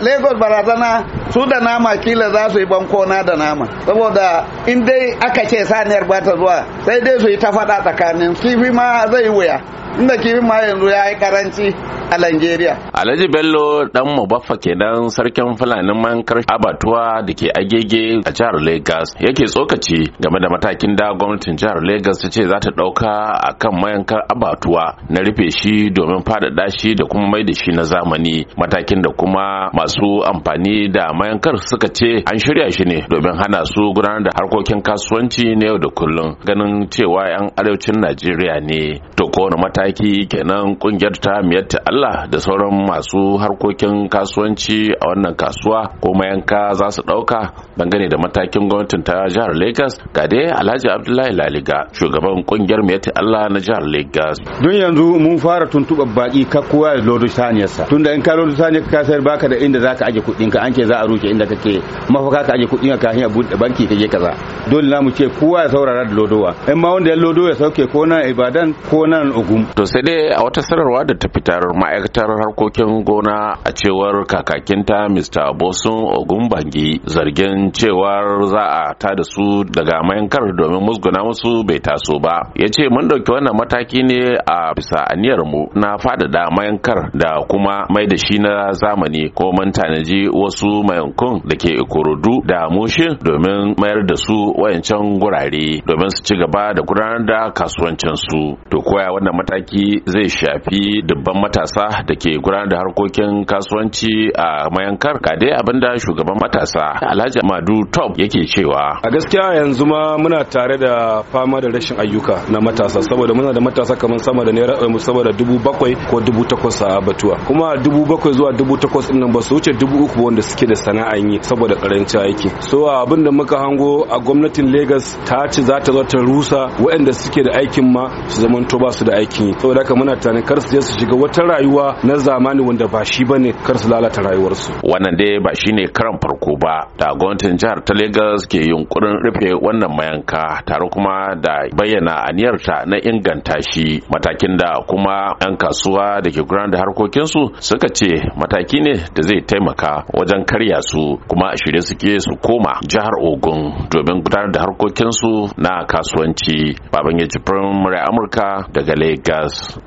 Lagos bara tana su da nama kila za su yi bankona da nama saboda in dai aka ce saniyar ba ta zuwa sai dai su yi ta faɗa tsakanin kifi ma zai yi wuya inda kifin ma yanzu ya yi karanci a Najeriya. Alhaji Bello dan Mubaffa kenan sarkin Fulanin mankar abatuwa da ke agege a jihar Lagos yake tsokaci game da matakin da gwamnatin jihar Lagos ta ce za ta dauka a kan mayankar abatuwa na rufe shi domin faɗaɗa shi da kuma mai da shi na zamani matakin da kuma masu amfani da mayankar suka ce an shirya shi ne domin hana su gudanar da harkokin kasuwanci na yau da kullum ganin cewa 'yan arewacin najeriya ne to kowane mataki kenan kungiyar ta miyatta allah da sauran masu harkokin kasuwanci a wannan kasuwa ko mayanka za su ɗauka dangane da matakin gwamnatin ta jihar lagos ga dai alhaji abdullahi laliga shugaban kungiyar miyatta allah na jihar lagos don yanzu mun fara tuntuɓar baki ka kowa ya lodo saniyarsa tunda in ka lodo saniyar ka sayar baka da inda zaka aje ajiye ka an ce za a ruke inda kake mafaka ka aje kuɗi ka hanya buɗe banki ka je kaza dole na mu ce kowa ya saurara da lodowa in ma wanda ya lodo ya sauke ko nan ibadan ko nan ogun to sai dai a wata sanarwa da ta fitar ma'aikatar harkokin gona a cewar kakakinta Mr. Bosun Ogun Bangi zargin cewar za a ta da su daga mayankar domin musguna musu bai taso ba ya ce mun ɗauki wannan mataki ne a bisa aniyar mu na faɗaɗa mayankar da kuma mai da shi na zamani ko mun tanaji wasu mai yankun da ke ikorodu da mushin domin mayar da su wayancan gurare domin su ci gaba da gudanar da kasuwancin su to koya wannan mataki zai shafi dubban matasa da ke gudanar da harkokin kasuwanci a mayankar ga dai abinda shugaban matasa alhaji madu top yake cewa a gaskiya yanzu ma muna tare da fama da rashin ayyuka na matasa saboda muna da matasa kamar sama da naira eh, saboda dubu bakwai ko dubu takwas a batuwa kuma dubu bakwai zuwa dubu takwas ɗin nan ba su wuce dubu uku wanda suke da sana'an yi saboda karancin aiki so abin da muka hango a gwamnatin Lagos ta ce za ta zo rusa waɗanda suke da aikin ma su zaman to ba su da aikin yi saboda haka muna tunanin kar su je su shiga wata rayuwa na zamani wanda ba shi bane kar su lalata rayuwarsu wannan dai ba shine karan farko ba da gwamnatin jihar ta Lagos ke yunkurin rufe wannan mayanka tare kuma da bayyana aniyarta na inganta shi matakin da kuma 'yan kasuwa da ke gudanar da harkokinsu suka ce mataki ne da zai taimaka wajen karya su kuma a shirye suke su koma jihar Ogun domin gudanar da harkokinsu na kasuwanci. Baban ya Amurka daga Lagos.